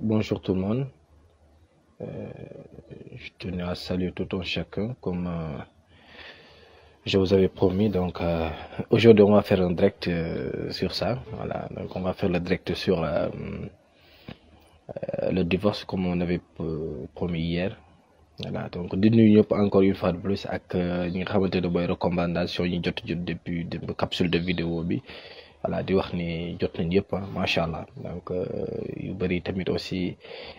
bonjour tout le monde. Euh, je tenais à saluer tout chacun comme euh, je vous avais promis. Donc euh, aujourd'hui on va faire un direct euh, sur ça. Voilà. Donc on va faire direct sur euh, le divorce comme on avait promis hier. voilà donc di nuyu ñëpp encore une fois de plus ak ñi nga xamante ne mooy recommandation yi ñu jot jot capsule de vidéo bi. voilà di wax ni jot nañ yëpp macha allah donc euh, yu bëri tamit aussi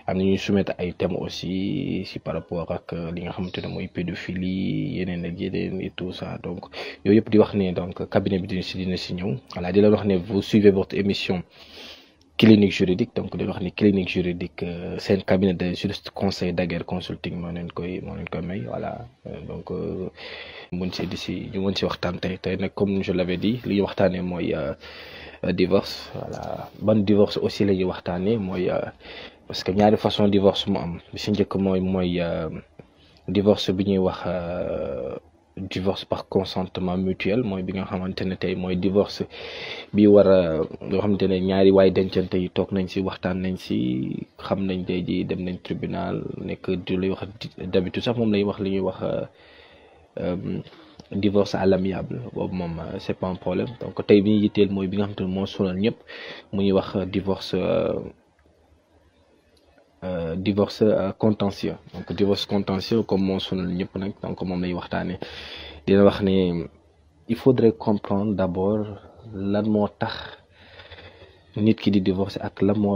am na ñuy soumettre ay thèmes aussi si par rapport ak euh, li nga xamante ne mooy pédophilie yeneen ak yeneen et tout ça donc yooyu yëpp di wax ni donc cabinet bi dina si dina si ñëw voilà di leen wax ne vous suivez votre émission. clinique juridique donc di wax ni clinique juridique euh, seen cabinet de juriste conseil d'Aguerre consulting moo leen koy moo leen koy may voilà euh, donc euh, mun si di si ñu mun si waxtaan tey tey nag comme je l'avais dit li ñu waxtaanee mooy divorce voilà ban divorce aussi la ñuy waxtaanee mooy parce que ñaari façon divorce mu am bi si njëkk mooy mooy divorce bi ñuy wax divorce par consentement mutuel mooy bi nga xamante ne tey mooy divorce bi war a xamante ne ñaari waay dencante yi toog nañ si waxtaan nañ si xam nañ tey ji dem nañ tribunal nekk di lay wax d'habitude sax moom lay wax li ñuy wax euh, divorce à l'amiable boobu moom euh, c'est pas un problème donc tey bi ñu yitteel mooy bi nga xamante ne moo sonal ñëpp mu ñuy wax divorce euh, Euh, divorce euh, contentieux donc divorce contentieux comme moo sonal ñëpp nag donc moom lay waxtaane dina wax ne il faudrait comprendre d'abord lan moo tax nit ki di divorce ak lan moo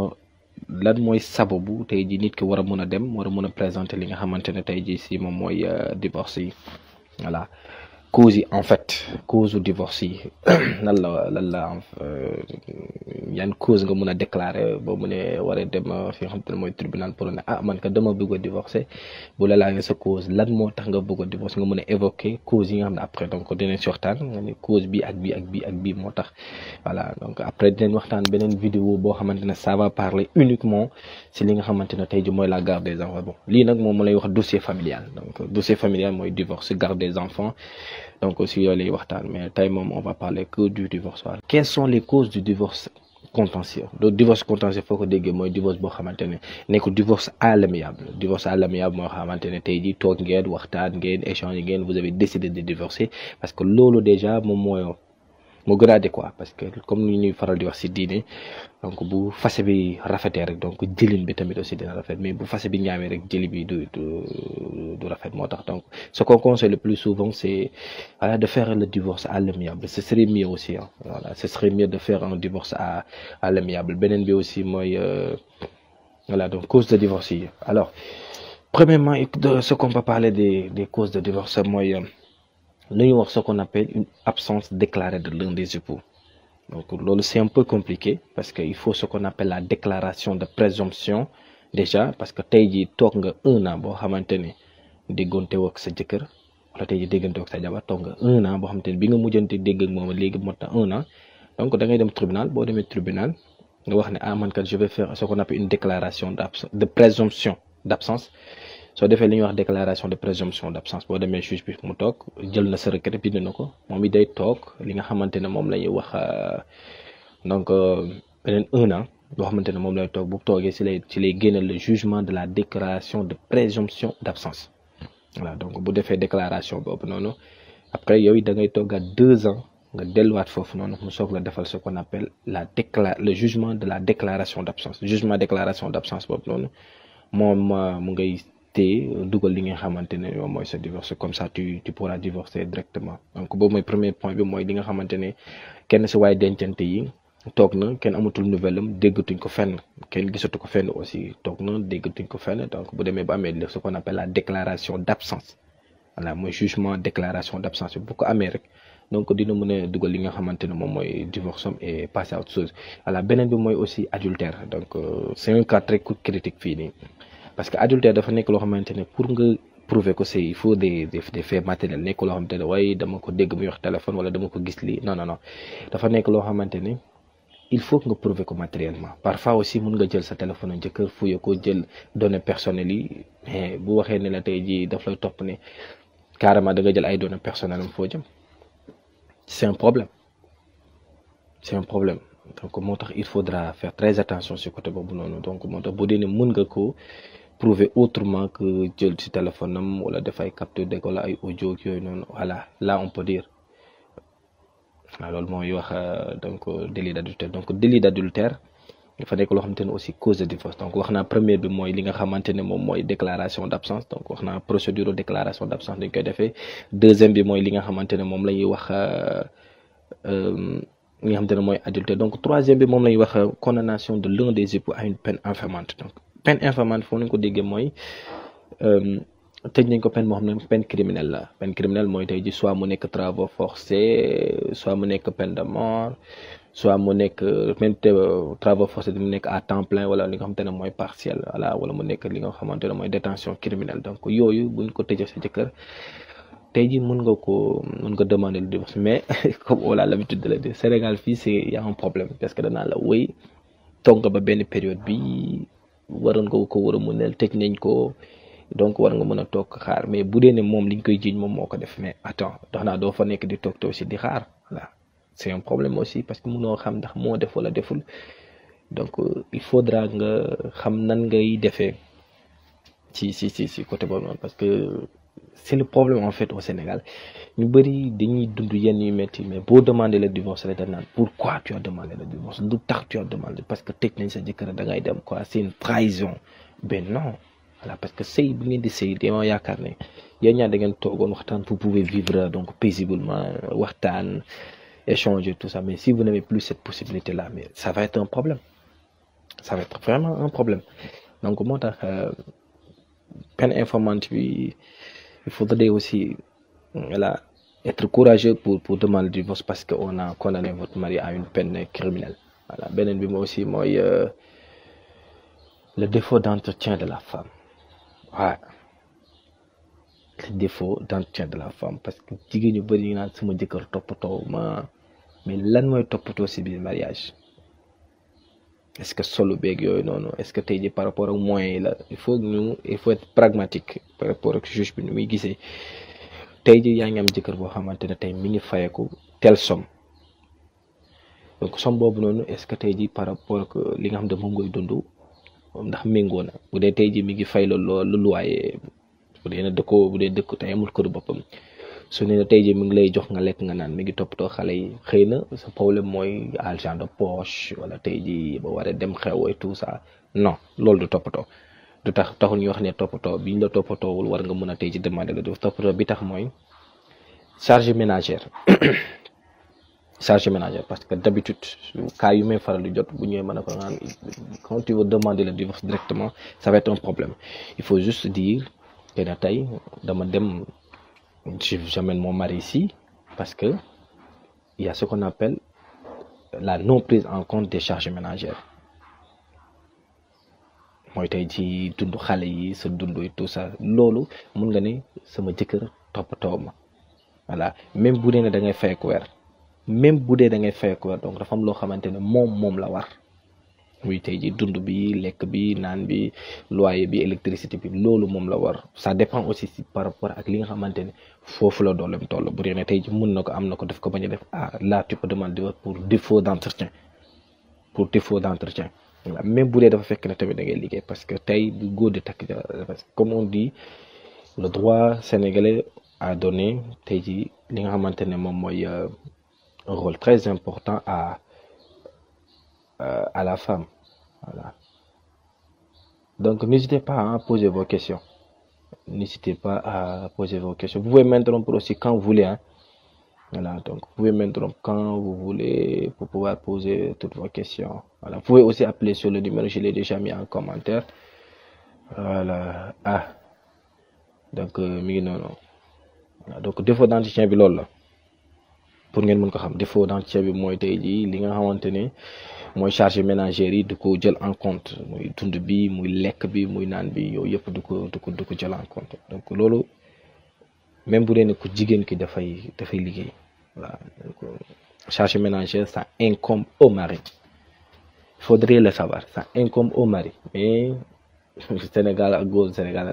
lan mooy sababu tey ji nit ki war a mën a dem war a mën a présenter li nga xamante ne tey ji si moom mooy euh, divorce yi voilà causes yi en fait cause du divorce yi lan la lan la euh, yan cause nga mun a déclarer boo mu ne war a dem euh, fi nga xam te ne mooy tribunal pour ne ah man ka dama bëgg a divorcer bu la laajee sa cause lan moo tax nga bëgg a divorce nga mun a évoquer cause yi nga xam ne après donc dinañ si waxtaan nga ne cause bi ak bi ak bi ak bi moo tax voilà donc après dinañ waxtaan beneen vidéo boo xamante ne ça va parler uniquement si li nga xamante ne tey ji mooy la garde des enfants bon lii wax dossier familial mooy divorce garde des enfants donc aussi yooyu lay waxtaan mais tey moom on va parler que du divorce waaw quelles sont les causes du divorce contentieux donc divorce contentieux foo ko déggee mooy divorce boo xamante ne nekk divorce à l'amiable divorce à l'amiable moo xamante ne tey jii toog ngeen waxtaan ngeen échange ngeen vous avez décidé de divorcer parce que loolu déjà moom mooy moo gën a adéquat parce que comme ni ñuy faral di wax si diine donc bu fase bi rafetee rek donc jëlin bi tamit aussi dina rafet mais bu fase bi ñaamee rek jëli bi du du rafet moo tax donc ce qu'on conseille le plus souvent c'est voilà de faire le divorce à l'amiable ce serait mieux aussi hein voilà ce serait mieux de faire un divorce à à l'amiable beneen bi aussi mooy euh, voilà donc cause de divorce yi alors premièrement ce qu'on peut parler des des causes de divorce mooy euh, lu ñu wax ce qu'on appelle une absence déclarée de l'un des époux donc loolu c'est un peu compliqué parce que il faut ce qu'on appelle la déclaration de présomption déjà parce que tey jii toog nga un an boo xamante ne déggante woo sa jëkkër wala tey jii déggante woo sa jabar toog nga un an boo xamante ne bi nga mujjante dégg ak moom léegi mot na un an donc da ngay dem tribunal boo demee tribunal nga wax ne ah man kat je vais faire ce qu'on appelle une déclaration de présomption d'absence soo defee li ñuy wax déclaration de présomption d'absence boo demee juge mu toog jël na sa requête bind na ko moom it day toog li nga xamante ne moom la ñuy wax euh, donc euh, beneen un an boo xamante ne moom lay toog bu toogee ci lay ci lay génneel le de la déclaration de présomption d'absence voilà donc bu defee déclaration boobu noonu après yow da ngay toogaat deux ans nga delluwaat foofu noonu mu soog la defal ce qu'on appelle la décla le jugement de la déclaration d'absence jugement déclaration d'absence boobu noonu moom euh, mu ngay te euh, dugal li nga xamante ne yow mooy sa divorce comme ça tu tu pourras divorcer directement donc boobu mooy premier point bi mooy li nga xamante ne kenn si waaye dencante yi toog na kenn amatul nouvelle am déggatuñ ko fenn kenn gisatu ko fenn aussi toog na déggatuñ ko fenn donc bu demee ba amee ce qu'on appelle la déclaration d'absence voilà mooy jugement déclaration d'absence bi bu ko amee rek donc dina mën a dugal li nga xamante ne moom mooy divorce am et passer à autre chose beneen bi mooy aussi adultère donc euh, c'est un cas très fii nii. parce que adultère dafa nekk loo xamante ne pour nga prouver ko c'est il loo xamante ne waaye dama ko dégg muy wax téléphone wala dama ko gis lii non non non dafa nekk loo xamante ne il faut nga prouver ko matériellement parfois aussi mun nga jël sa téléphone njëkkër fuye ko jël données personnelles yi mais bu waxee ne la tey jii daf lay topp ne carrément danga jël ay données personnelles foo jëm c'est un problème c'est un problème donc moo tax il faudra faire très attention si côté boobu noonu donc moo tax bu nga ko prouver autrement que jël ci téléphone am wala def ay capture d'écran wala ay audio yooyu noonu voilà là on peut dire waaw loolu mooy wax euh, donc euh, délit d'adultère donc délit d'adultère fa nekk loo xamante ne aussi cause de divorce donc wax naa première bi mooy li nga xamante ne moom mooy déclaration d'absence donc wax naa procédure déclaration d'absence dañ koy defee deuxième bi mooy li nga xamante ne moom la ñuy wax euh, li nga xamante ne mooy adultère donc troisième bi moom la ñuy wax condamnation de l'un des époux à une peine infamante peine infamante foofu nañu ko déggee mooy euh, tëj nañ ko peine moo xam ne peine criminelle la peine criminelle mooy tey ji soit mu nekk travaux forcés soit mu nekk peine de mort soit mu nekk même travaux forcés mu nekk à temps plein li nga xamante ne mooy partiel voilà wala mu nekk li nga xamante ne mooy détention criminelle donc yooyu buñ ko tëjee sa jëkkër tey jii mun nga ko mën nga demande le divorce mais comme on a de le dire Sénégal fii c'est y a un problème parce que danaa la wéy toog nga ba benn période bi waroon nga ko war a mënal tëj nañ ko donc war nga mën a toog xaar mais bu dee ne moom liñ koy jiiñ moom moo ko def mais attends tax naa doo fa nekk di toog aussi di xaar voilà c'est problème aussi parce que munoo xam ndax moo def wala deful donc euh, il faudra nga xam nan ngay defee ci si ci ci côté boobu noonu parce que c'est le problème en fait au Sénégal ñu bëri dañuy dund yenn yu métti mais boo demandé le divorce rek dañ naan pourquoi tu as demandé le divorce lu tax tu as demandé parce que tëj nañ sa jëkkër dem quoi c'est une trahison ben non parce que sëy bi ngeen di sëy dama yaakaar ne yéen ñaar da ngeen toogoon waxtaan vous pouvez vivre donc paisiblement waxtaan échanger tout ça mais si vous n'avez plus cette possibilité là mais ça va être un problème ça va être moo tax euh, peine bi il faudrait aussi euh, voilà, être courageux pour, pour demander le divorce parce qu'on a condamné votre mari à une peine criminelle. Voilà. Benen Bimo aussi, moi, euh, le défaut d'entretien de la femme. Ouais. Le défaut d'entretien de la femme. Parce que si vous avez un peu de temps, mais l'un de temps, c'est le mariage. est-ce que solo beeg yooyu noonu est-ce que tey ji par rapport ak moyens yi la il faut ñu il faut être pragmatique par rapport ak juge bi nu muy gisee tey ji yaa ngi am jëkkër boo xamante ne tey mi ngi fayeku tel somme donc somme boobu noonu est-ce que tey ji par rapport ak li nga xam ne moom ngay dund ndax méngoo na bu dee tey ji mi ngi fay loolu lu luwaaye bu dee na dëkkoo bu dee dëkk tey amul kër boppam su ne tey jii mi ngi lay jox nga lekk nga naan mi ngi toppatoo xale yi xëy na sa problème mooy argent de poche wala tey jii ba waree dem xew et tout ça non loolu du toppatoo du tax taxul ñuy wax ne toppatoo bi ñu la toppatoowul war nga mën a tey jii demander la def toppatoo bi tax mooy charge ménagère charge ménagère parce que d'habitude cas yu may faral di jot bu ñëwee man a ko naan quand tu veux demander le divorce directement ça va être problème il faut juste dire que ne tey dama dem. j'amène moo mari ici parce que il y a ce qu'on appelle la non prise en compte des charges ménagères mooy tey ci dund xale yi sa dund yi tout ça loolu mun nga ne sama jëkkër toppatoo ma voilà même bu dee ne da ngay fay ko weer même bu dee da ngay fay donc dafa am loo xamante ne moom moom la war muy tey ji dund bi lekk bi naan bi loyer bi électricité bi loolu moom la war ça dépend aussi si par rapport ak li nga xamante ne foofu la dooleem toll bu dee tey ji mun na ko am na ko def ko bañ a def ah là tu peux demander pour défaut d' entretien pour défaut d' entretien même bu dee dafa fekk ne tamit da ngay liggéey parce que tey du góor di takk parce que comme on dit le droit sénégalais a donné tey ji li nga xamante ne moom mooy euh, un rôle très important à Euh, à la femme. Voilà. Donc n'hésitez pas à poser vos questions. N'hésitez pas à poser vos questions. Vous pouvez m'interrompre aussi quand vous voulez. Hein. Voilà, donc vous pouvez m'interrompre quand vous voulez pour pouvoir poser toutes vos questions. Voilà. Vous pouvez aussi appeler sur le numéro, je l'ai déjà mis en commentaire. Voilà. Ah. Donc, euh, non, non. Voilà. Donc, défaut d'entretien, c'est pour ngeen mën ko xam défaut dans ceeb bi mooy tey jii li nga xamante ne mooy charge ménagère yi du ko jël en compte muy dund bi muy lekk bi muy naan bi yooyu yëpp du ko jël en compte donc loolu même bu dee ne ku jigéen ki dafay dafay liggéey voilà donc charge ménagère au mari il faudrait le savoir ça au mari mais Sénégal ak góor Sénégal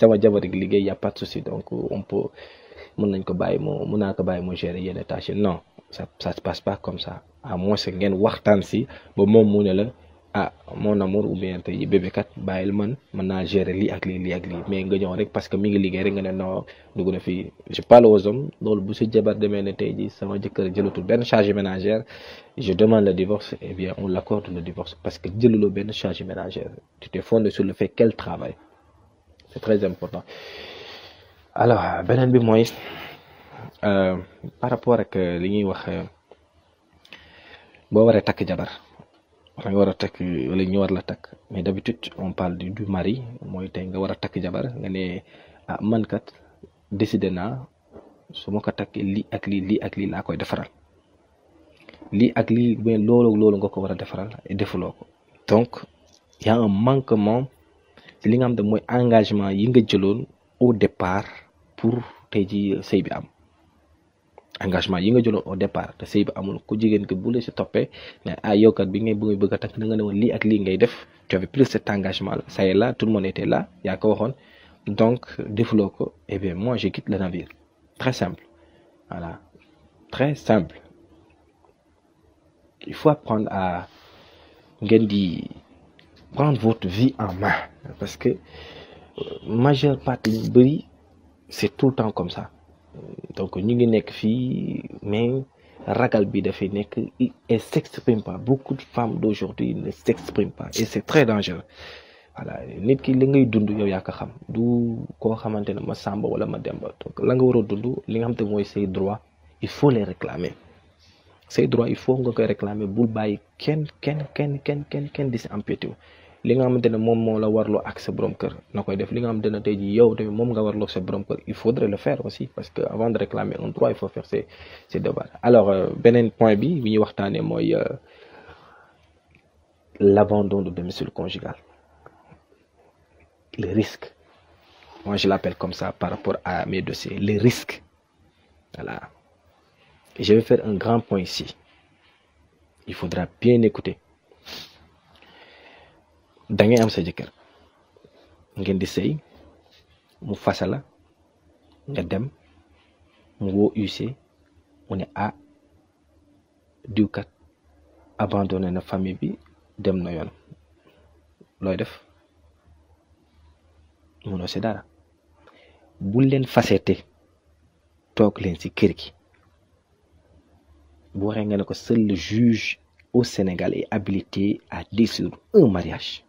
sama jabar ak liggéey y a pas de souci donc on peut mën nañ ko bàyyi mu mën naa ko bàyyi mu gérer yenn tâches yi non ça se passe pas comme ça à moins que ngeen waxtaan si ba moom mu ne la ah mon amour ou bien tey bébé kat bàyyil man mën naa gérer li ak lii mais nga ñëw rek parce que mi ngi liggéey rek nga ne non dugg na fii je parle aux hommes loolu bu demee ne tey jii sama jëkkër jëlatul benn charge ménagère demande le divorce et eh bien on l'accorde parce que jëluloo benn charge ménagère tu te fondes sur le fait qu'elle travaille c'est très important alors beneen bi mooy euh, par rapport ak euh, li ñuy wax euh, boo waree takk jabar wala nga war a takk wala ñu war takk mais d'habitude on parle du du mooy tey nga war a takk jabar nga ne ah man kat décidé naa su ma ko takk lii ak lii lii ak lii laa koy defaral lii ak li mais loolu nga ko war a defaral defuloo ko donc y a un manquement li nga xam ne mooy engagement yi nga jëloon au départ. pour tey ji bi am engagement yi nga jëloon au départ te bi amul ku jigéen ki bu la si toppee ne ah yow kat bi ngay bëgg a takk na nga ne woon lii ak lii ngay def tu avais plus cet engagement là ça y tout le monde yaa ko waxoon donc defuloo ko eh bien moi je quitte le navire très simple voilà très simple il faut apprendre à ngeen di prendre votre vie en main parce que euh, majeure partie bëri c'est tout le temps comme sa donc ñu ngi nekk fii mais ragal bi dafay nekk et s'exprime pas beaucoup de femmes d'aujourd'hui ne s'expriment pas et c'est très dangereux voilà nit ki li ngay dund yow yaa ko xam du koo xamante ne ma sàmba wala ma demba la nga war a dund li nga xam te mooy say droit il faut les réclamer say droit il faut nga koy réclamer bul bàyyi kenn kenn kenn kenn kenn kenn di si empiété li nga xamante ne moom moo la warloo ak sa borom kër na koy def li nga xamante ne tey jii yow tamit moom nga warloo sa borom kër il faudrait le faire aussi parce que avant de réclamer un droit il faut faire ses ses alors euh, beneen point bi bi ñuy waxtaanee mooy euh, l'abandon de domicile conjugal le risque moi je l'appelle comme ça par rapport à mes dossiers le risque voilà je vais faire un grand point ici il faudra bien écouter da am sa jëkkër ngeen di sëy mu fase la nga dem mu woo UC mu ne ah diwkat abandonné na famille bi dem na yoon looy def mënoo si dara buñ leen fasete toog leen si kër gi bu waxee nga ne ko seul le juge au Sénégal est habilité à dissoudre un mariage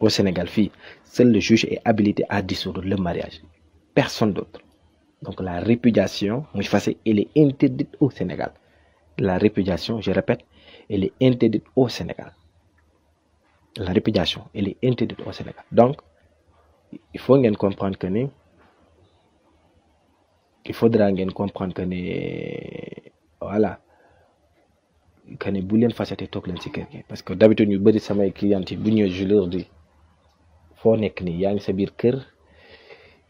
au Sénégal fii seul le juge est habilité à dissoudre le mariage personne d'autre donc la répudiation muy fase elle est interdite au Sénégal la répudiation je répète elle est interdite au Sénégal la répudiation elle est interdite donc il faut ngeen comprendre que ni il faudra ngeen comprendre que ni voilà que ni bu leen fasate toog leen ci kër parce que d'habitude ñu bëri samay clients yi bu ñëwee je foo nekk nii yaa ngi sa biir kër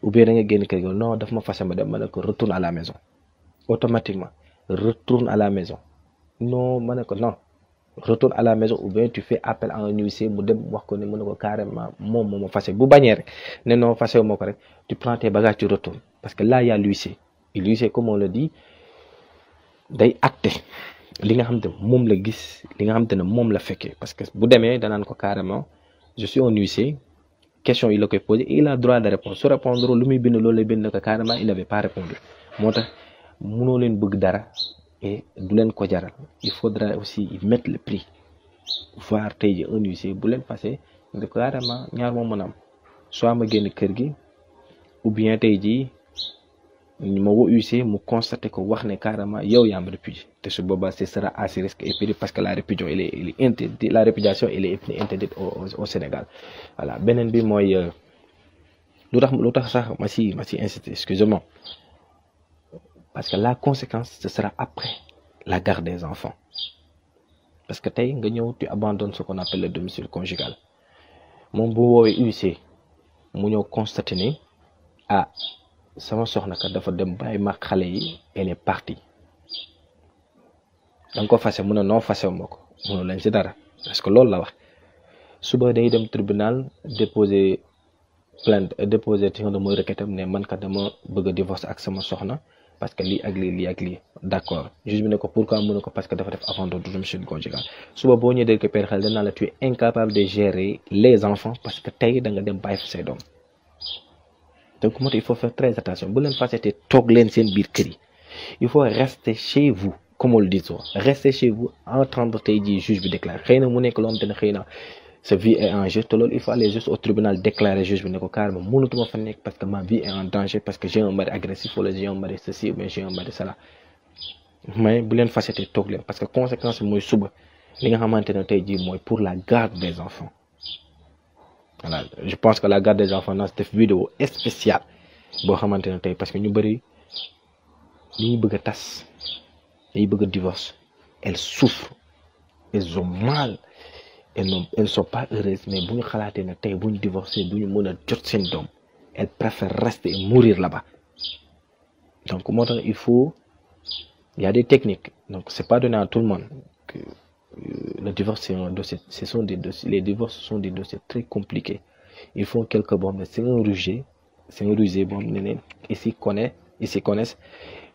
ou bien da nga génn kër gi non daf ma fase ma dem ma ne ko retourne à la maison automatiquement retourne à la maison non ma ne ko non retourne à la maison ou bien tu fais appel à un huissier mu dem wax ko ne mu ne ko carrément moom moo ma fase bu bañee rek ne non fase moo ko rek tu prends tes parce que a l'huissier l'huissier comme on le dit day acté li nga xamante ne moom la gis li nga xamante ne moom la fekkee parce que bu demee danaan ko carrément je suis un huissier question yi la koy posé il a droit de répondre su répondre lu muy bind loolu lay bind ko carrément il n'avait pas répondu moo tax mënoo leen bëgg dara et du leen ko jaral il faudra aussi mettre le prix voir tey ji un huissier bu leen passé carrément ñaar moo mën a am soit ma génn kër gi ou bien tey jii ma woo huissier mu constaté ko wax ne carrément yow yaa ma répudié te su boobaa ce sera à ses risques et périls parce que la répudiation elle est elle au Sénégal beneen bi mooy euh, lu tax lu tax sax ma si ma si insisté excusez parce que la conséquence ce sera après la garde des enfants parce que tey nga ñëw tu abandonnes ce qu'on appelle le domicile conjugal moom bu woowee huissier mu ñëw constaté ni sama soxna ka dafa dem bàyyi ma xale yi elle est partie da nga ko fase mu ne noo fase wu ma ko mënu leen ci dara parce que loolu la wax suba day dem tribunal déposer plainte euh, déposer ci nga dama bëgg a divorce ak sama soxna parce que lii ak lii lii ak lii d' accord bi ne ko pourquoi mu ne ko parce que dafa def avant de domicile conjugal suba boo ñëwee dégg ko père xel danaa la tu es incapable de gérer les enfants parce que tey da nga dem bàyyi fa say doom. donc moo tax il faut faire très attention bu leen fasetee toog leen seen biir kër yi il faut rester chez vous comme on le dit souvent rester chez vous entendre tey jii juge bi déclaré xëy na mu nekk loo xamante ne xëy na sa vie est en jeu te loolu il faut aller au tribunal déclarer juge bi ne ko carrément mënatuma fa nekk parce que ma vie est en danger parce que j'ai un mari agressif wala j'ai un mari ceci ou bien j'ai mari cela mais bu leen fasetee toog leen parce que conséquence bi mooy suba li nga xamante ne tey jii mooy pour la garde des enfants voilà je pense que la garde des enfants naa def vidéo spéciale boo xamante ne tey parce que ñu bari li ñu bëgg a tas li ñu bëgg a divorce elles souffrent elles ont mal elles pas heureuses mais bu ñu xalaatee ne tey bu ñu divorcé du ñu mën a jot seen doom elles préfèrent rester et mourir là donc moo tax il faut il y a donc c'est pas donné à tout le monde Euh, le divorce, c'est un dossier. Ce sont des dossiers. Les divorces sont des dossiers très compliqués. Ils font quelques bombes. C'est un rusé. C'est un rusé. Bon, ils s'y connaissent. Ils s'y connaissent.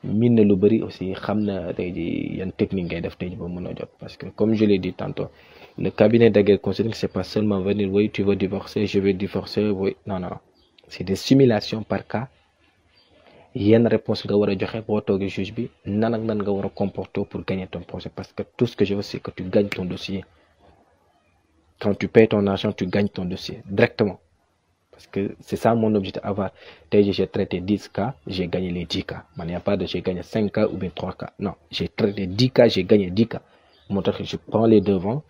Mine lu bari aussi xamna tay ji yan technique ngay def tay ba mëna jot parce que comme je l'ai dit tantôt le cabinet d'agriculture consulting c'est pas seulement venir oui tu veux divorcer je vais divorcer oui non non c'est des simulations par cas yenn réponse nga war a joxe boo toog juge bi nan ak nan nga war a comporter pour gagner ton procès parce que tout ce que je veux c'est que tu gagnes ton dossier quand tu payes ton argent tu gagnes ton dossier directement parce que c'est ça mon objectif avant tey jii j'ai traité dix cas j'ai les dix cas man y a pas de j'ai cinq cas ou bien trois cas non j'ai traité cas j'ai dix cas moo tax je prends les devants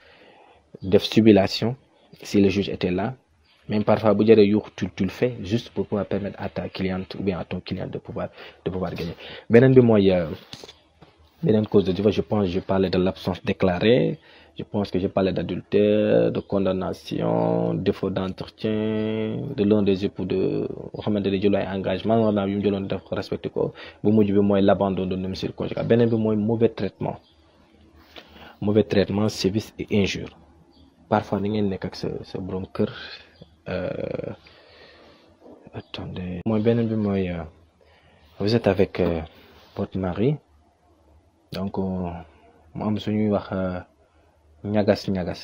def subulation si les juge était là même parfois bu jare yuux tu tu le fais juste pour pouvoir permettre à ta cliente ou bien à client de pouvoir de pouvoir beneen bi mooy euh, beneen cause de divorce je pense je parlais de l'absence déclarée je pense que je parlais d'adultère de condamnation défaut d'entretien de l'un des époux de boo xamante ne jëloo ay engagement maanaam yu jëloon def ko respecté ko bu mujj bi mooy l'abandon de domicile conjugal beneen bi mooy mauvais traitement mauvais traitement sévices et injures parfois ni ngeen nekk ak sa sa borom kër Euh, attendez mooy benn bi mooy vous êtes avec euh, votre mari donc mu am suñuy wax ñagas ñagas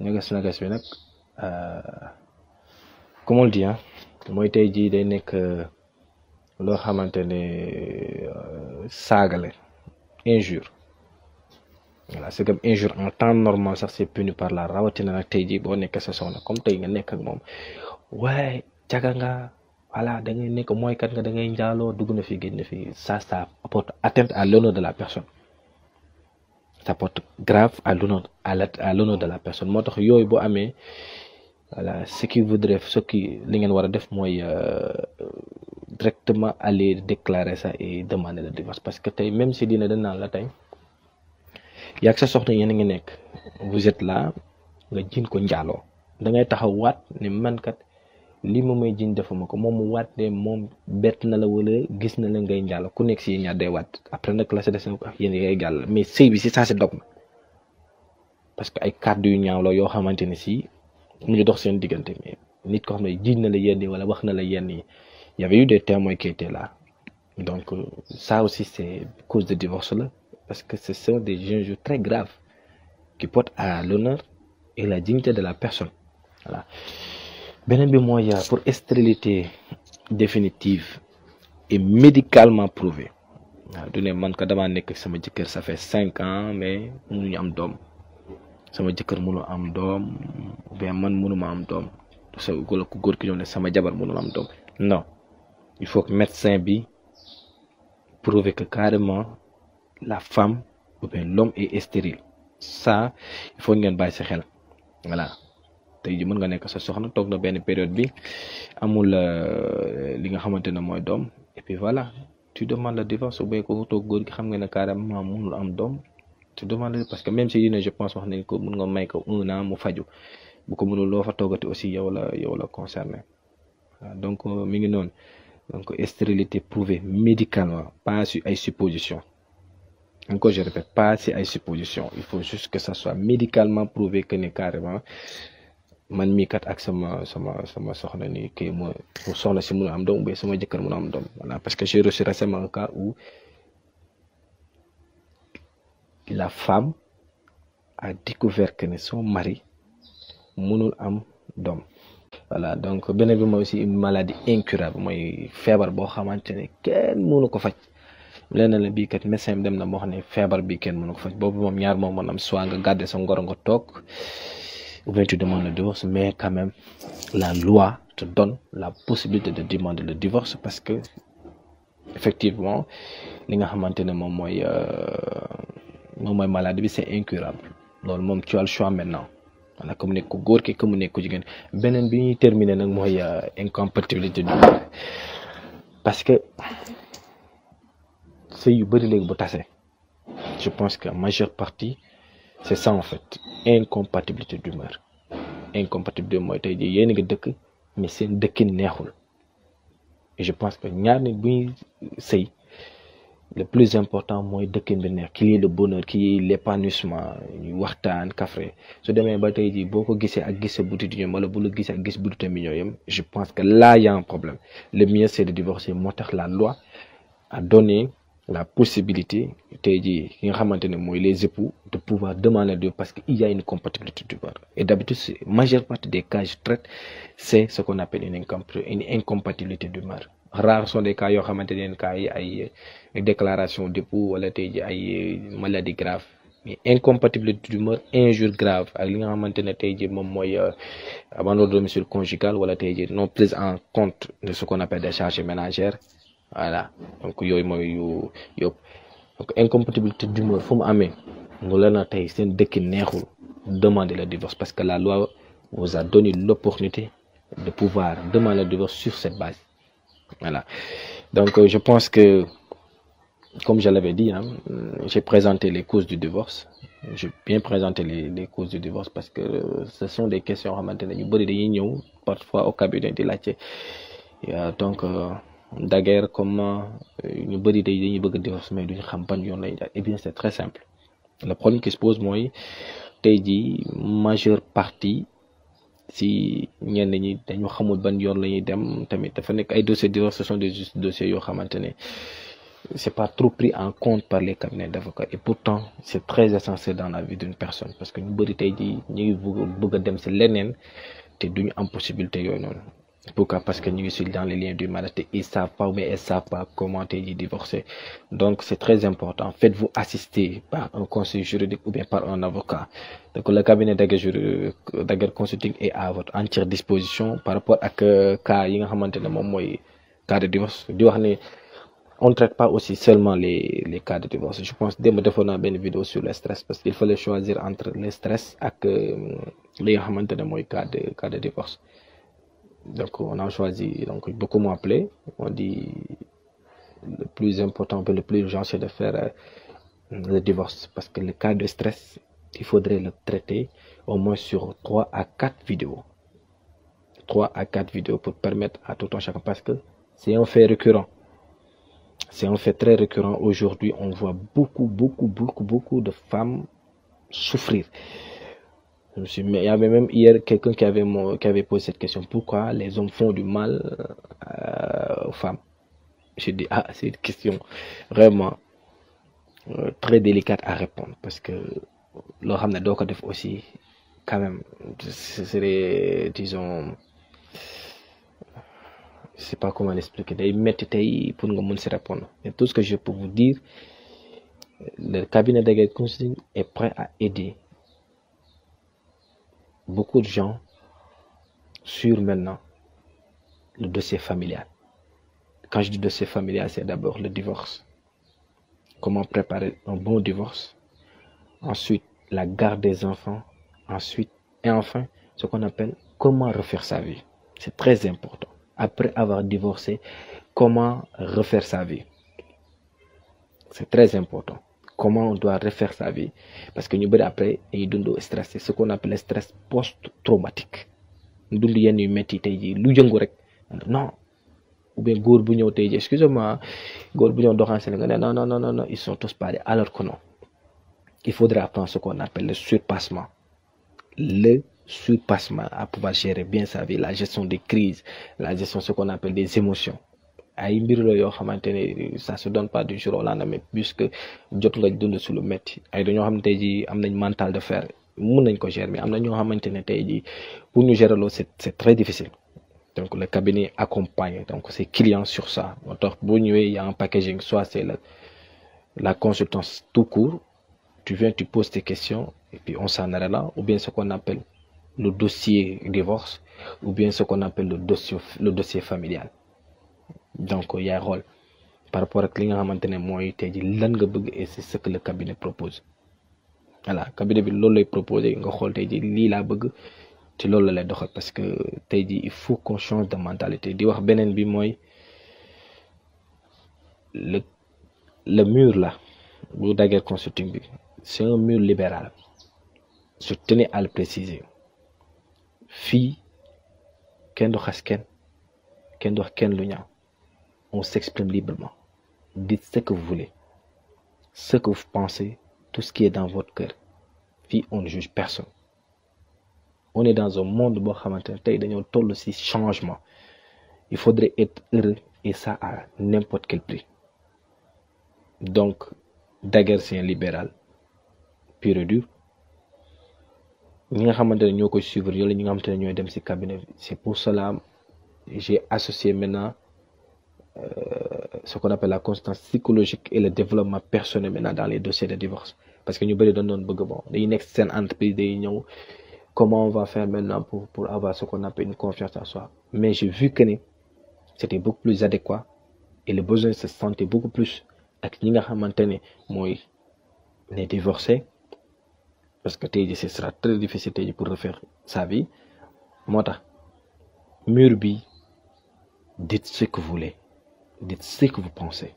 ñagas ñagas bi nag comme on euh, dit ah mooy tey jii day nekk loo xamante ne saagale injure voilà c'est comme injure en temps normal sax c'est puni par la rawatina nag tey jii boo nekkee sa soxna comme te nga nekk ak moom waaye caga nga voilà da ngay nekk mooy kat nga da ngay njaaloo dugg na fi génn na fi ça ça apporte atteinte à l'honneur de la personne ça porte grave à l'honneur à de la personne moo tax yooyu bu amee voilà ce qui voudrait ce qui li ngeen war a def mooy euh, directement aller déclarer ça et demander le divorce parce que tey même si dina dañ naan la tey. yàgg sa soxna yéen a ngi nekk vous jet là nga jiin ko njaaloo dangay taxaw waat ne mankat lii moom may jiin defuma ko moom mu waat ne moom bett na la wala gis na la ngay njaaloo ku nekk si yéen ñaar day waat après nag la sa des na ko ak yéen ngay gàll mais sëy bi parce que ay kàddu yu ñaaw la yoo xamante ne si mu ngi dox seen diggante mais nit ko xam ne jiin na la yenn yi wala wax na la yenn yi y avait eu des témoins qui étaient là donc euh, ça si c'est cause de divorce la parce que ce sont des injures très graves qui portent à l'honneur et la dignité de la personne voilà beneen bi mooy euh, pour stérilité définitive et médicalement prouvée du ne man ko damaa nekk sama jëkkër ça fait cinq ans mais mënuñu am doom sama jëkkër mënu am doom ou bien man mënuma am doom sa wala ku góor ki sama jabar mënul am doom non il faut que médecin bi prouver que carrément la femme ou bien l'homme est ngeen bàyyi si xel voilà tey ji mun nga nekk sa soxna toog na benn période bi amul euh, li nga xamante ne mooy doom et puis voilà tu demandes le divorce ou bien ko toog góor gi xam nga ne carrément mënul am doom tu demandes parce que même si dina je pense wax nañ ko mën nga may ko un mu faju bu ko mënul loo fa toogati aussi yow la yow la concerné donc euh, mi ngi noonu donc stérilité prouvée médicalement pas su ay supposition encore je répète pas si ay supposition il faut juste que ça soit médicalement prouvé que ne carrément man mii kat ak sama sama sama soxna ni kii moo soxna si mun am doom ba sama jëkkër mun am doom voilà parce que j'ai reçu récemment un cas la femme a découvert que ne son mari mënul am doom voilà donc beneen bi mooy aussi une maladie incurable mooy feebar boo xamante ne kenn mënu ko faj leen la bii kat médecin na moo xam ne feebar bi kenn mënu ko faj boobu moom ñaar moom mën am soit nga garder sa mais quand même la loi te donne la possibilité de demander le divorce parce que effectivement li nga xamante ne moom mooy euh, moom mooy maladie bi c'est incurable loolu moom tu as le choix maintenant voilà comme nekk ku góor ki comme nekk jigéen beneen bi ñuy terminer nag mooy euh, incompatibilité du parce que sëy yu bëri léegi bu tase je pense que majeure partie c' est ça en fait incompatibilité d'humeur incompatibilité mooy tey jii yéen a ngi dëkk mais seen dëkkin neexul je pense que ñaar nit bu ñuy le plus important mooy dëkkin bi neex kii le bonheur kii l'épanouissement ñu waxtaan kafre su demee ba tey jii boo ko gisee ak gis sa butit ñoom wala bu la gisee ak gis butitam bi ñooyam je pense que là y a un problème le mieux c'est de divorcer moo tax la loi la possibilité tey jii ki nga xamante ne mooy les époux de pouvoir demander Dieu parce que il y a une compatibilité du père et d'habitude majeure partie des cas je traite c'est ce qu'on appelle une une incompatibilité du mari rares des cas yoo xamante ne cas yi ay déclaration d'époux wala tey jii ay maladie grave mais incompatibilité d'humeur injure grave ak li nga xamante ne tey jii moom mooy euh, abandon domicile conjugal wala tey jii non prise en compte de ce qu'on appelle des voilà donc yooyu mooy yu yëpp donc incompatibilité d'humeur fu mu amee nu la na tey seen dëkki neexul demande le divorce parce que la loi vous a donné l'opportunité de pouvoir demande le divorce sur cette base voilà donc je pense que comme je l'avais dit hein, j'ai présenté les causes du divorce j'ai bien présenté les, les causes du divorce parce que ce sont des questions xamante ne ñu bëri dañuy ñëw parfois au cabinet di laajte euh, donc euh, Daguerre comme euh, ñu bëri tey dañuy bëgg a divorce mais duñu xam ban yoon lay jaar et bien c'est très simple le problème qui se pose mooy tey jii majeure partie si ñenn ñi dañu xamul ban yoon la ñuy dem tamit dafa nekk ay dossiers divorce ce sont des dossiers yoo xamante ne c'est pas trop pris en compte par les cabinets d'avocats et pourtant c'est très essentiel dans la vie d'une personne parce que ñu bëri tey jii ñu ngi bëgg a dem si leneen te duñu am possibilité yooyu noonu pourquoi parce que ñu ngi suivre dans les liens du mariage i ils savent pas ou bien ils savent pas comment tey divorcer donc c'est très important faites-vous assister par un conseil juridique ou bien par un avocat donc le cabinet Daguerre Daguerre Consulting est à votre entière disposition par rapport ak euh, cas yi nga xamante ne moom mooy cas de divorce di wax ne on ne traite pas les les cas de divorce je pense démb defoon naa benn vidéo sur le stress parce qu'il fallait choisir entre le stress ak euh, li nga xamante ne mooy cas de de divorce Donc, on a choisi, donc beaucoup m'ont appelé. On dit le plus important, le plus urgent, c'est de faire euh, le divorce. Parce que le cas de stress, il faudrait le traiter au moins sur 3 à 4 vidéos. 3 pour permettre à tout un chacun. Parce que c'est un fait récurrent. C'est Aujourd'hui, on voit beaucoup, beaucoup, beaucoup de femmes souffrir. Je me suis, il y avait même hier quelqu'un qui avait, qui avait posé cette question. Pourquoi les hommes font du mal euh, aux femmes J'ai dit, ah, c'est une question vraiment euh, très délicate à répondre parce que le Hamna Dokadef aussi, quand même, ce serait, disons, je sais pas comment l'expliquer, des méthodes pour nous répondre. Et tout ce que je peux vous dire, le cabinet de counseling est prêt à aider beaucoup de gens sur maintenant le dossier familial. Quand je dis dossier familial, c'est d'abord le divorce. Comment préparer un bon divorce. Ensuite, la garde des enfants. Ensuite, et enfin, ce qu'on appelle comment refaire sa vie. C'est très important. Après avoir divorcé, comment refaire sa vie. C'est très important. comment on doit refaire sa vie parce que ñu bëri après dañuy dund stress c'est ce qu'on appelle stress post-traumatique ñu dund yenn yu métti tey jii lu jëngu rek non ou bien góor bu ñëw tey jii excusez-moi góor bu ñëw doxaan seen non ils sont tous pareils alors que non il faudra apprendre ce qu'on appelle le surpassement le surpassement à pouvoir gérer bien sa vie la gestion des crises la gestion de ce qu'on appelle des émotions ay mbir la yoo xamante ne ça se donne pas du jour au lendemain jot jotu la dund su lu métti ay dañoo xam ne tey jii am nañ mantal de fer mu nañ ko gérer mais am na ñoo xamante ne tey jii pour ñu gérer loolu c'est c'est très difficile donc le cabinet accompagne donc ses clients sur ça moo tax boo ñëwee y a un packaging soit c'est la la consultance tout court tu viens tu poses tes questions et puis on s'en arrête là ou bien ce qu'on appelle le dossier divorce ou bien ce qu'on appelle le dossier le dossier donc yaay xool par rapport ak li nga xamante ne mooy tey ji lan nga bëgg et c'est ce que le cabinet propose voilà cabinet bi loolu lay proposer nga xool te ji lii laa bëgg ci loolu la lay doxal parce que tey ji il faut qu'on change de mentalité di wax beneen bi mooy le le mur là bu daggee consulting bi c'est un mur libéral je tenais à préciser fii kenn du xas kenn kenn du wax kenn lu ñaaw on s'exprime librement. Dites ce que vous voulez, ce que vous pensez, tout ce qui est dans votre cœur. Fii on ne juge personne. On est dans un monde boo xamante ne tey dañoo toll si changement. Il faudrait être heureux et ça à n'importe quel prix. Donc Daguerre seen libéral pur et ñi nga xamante ne ñoo koy suivre yooyu ñi nga xamante ne ñooy dem si cabinet c'est pour cela j'ai associé maintenant euh, ce qu'on appelle la constance psychologique et le développement personnel maintenant dans les dossiers de divorce parce que ñu bëri doon doon bëgg bon dañuy nekk seen entreprise day ñëw comment on va faire maintenant pour pour avoir ce qu'on appelle une confiance en soi mais j'ai vu que ne c'était beaucoup plus adéquat et le besoin se sentait beaucoup plus ak ñi nga xamante ne mooy les divorcés parce que tey jii ce sera très difficile tey jii pour refaire sa vie moo tax mur bi dites ce dites ce que vous pensez.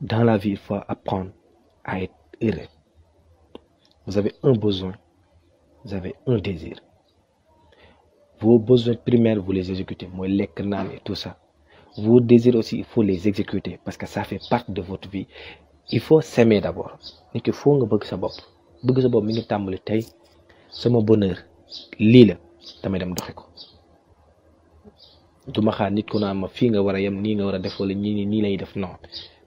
Dans la vie, il faut apprendre à être heureux. Vous avez un besoin, vous avez un désir. Vos besoins primaires, vous les exécutez. Moi, les et tout ça. Vos désirs aussi, il faut les exécuter parce que ça fait partie de votre vie. Il faut s'aimer d'abord. nit ki foo nga bëgg sa bopp bëgg sa bopp mi ngi tàmbali tey sama bonheur lii la damay dem doxi ko du ma xaar nit ku naa ma fii nga war a yem nii nga war a def wala ñii nii lay def non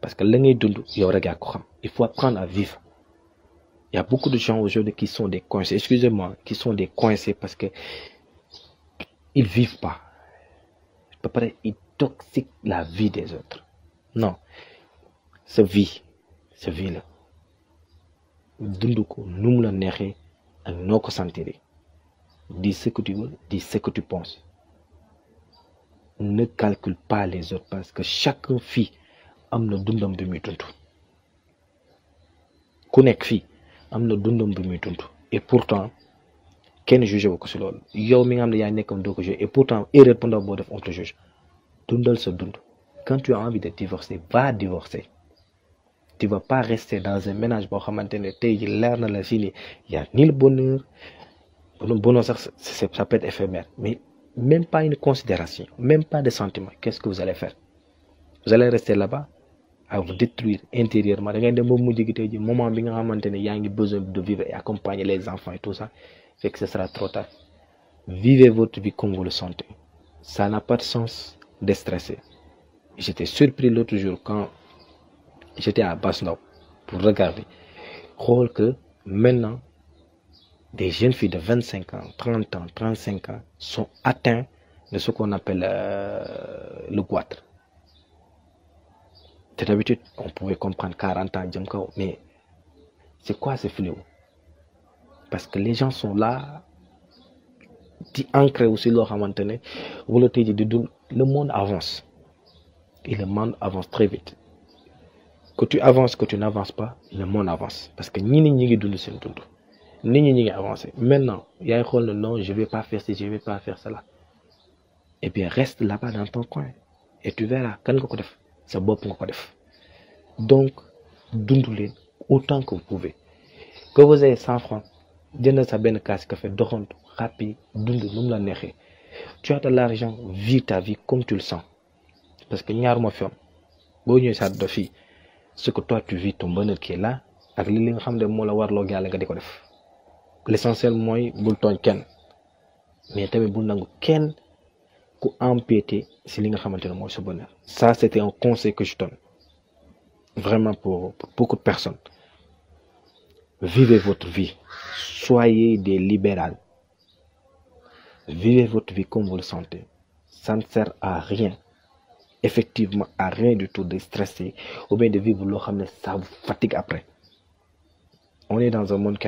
parce que la ngay dund yow rek yaa ko xam il faut apprendre à vivre il y a beaucoup de gens aujourd'hui qui sont des coincés excusez-moi qui sont des coincés parce que il vivent pas ba pare ils toxiquent la vie des autres non sa vie sa vie la dund ko nu mu la neexee ak noo ko sentir dis ce que tu ne calcule pas les autres parce que chacun fii am na dundam bi muy dund ku nekk fii am na dundam bi muy dund et pourtant kenn jugé wu ko si loolu yow mi nga xam ne yaa nekkam doo ko jugé et pourtant erreur bu boo def on juge dundal sa dund quand tu as envie de divorcer va divorcer tu vas pas rester dans un ménage boo xamante ne tey ji leer na la fii nii y a ni le bonheur sax ça peut même pas une considération, même pas de sentiment, qu'est-ce que vous allez faire Vous allez rester là-bas à vous détruire intérieurement. Da ngay de ba mujj gi tey ji moment bi nga xamante ne yaa ngi besoin de vivre et accompagner les enfants et tout ça, fait que ce sera trop tard. Vivez votre vie comme vous le sentez. Ça n'a pas de sens de stresser. J'étais surpris l'autre jour quand j'étais à Basnop pour regarder. Xool que maintenant des jeunes filles de 25 ans, 30 ans, 35 ans sont atteints de ce qu'on appelle euh, le goitre. D'habitude, on pouvait comprendre 40 ans, mais c'est quoi ce fléau Parce que les gens sont là, qui ancrés aussi leur maintenir. Le monde avance. Et le monde avance très vite. Que tu avances, que tu n'avances pas, le monde avance. Parce que ni ni ni nit ñi ñu ngi avancé maintenant yaay xool ne non je vais pas faire ci je vais pas faire cela et eh bien reste coin et tu verras kan ko ko def sa bopp nga ko def donc dund leen autant que vous pouvez que vous ayez cent francs jënd sa benn kaas café doxantu xàppi dund nu mu la neexee tu as de l'argent vis ta vie comme tu le sens parce que ñaar moo fi boo ñëwee sa def fii ce que toi tu vis ton bonheur qui est là ak nga xam ne moo la warloo yàlla nga di ko def l'essentiel mooy bul tooñ kenn mais tamit bul nangu kenn ku empiété si li nga xamante ne mooy sa bonheur ça c'était un conseil que je vraiment pour pour beaucoup de personnes vivez votre vie soyez des libéraux vivez votre vie comme vous le sentez ça ne à rien effectivement à rien du tout de stresser ou bien de vivre loo xam ne ça vous fatigue après on est dans un monde qui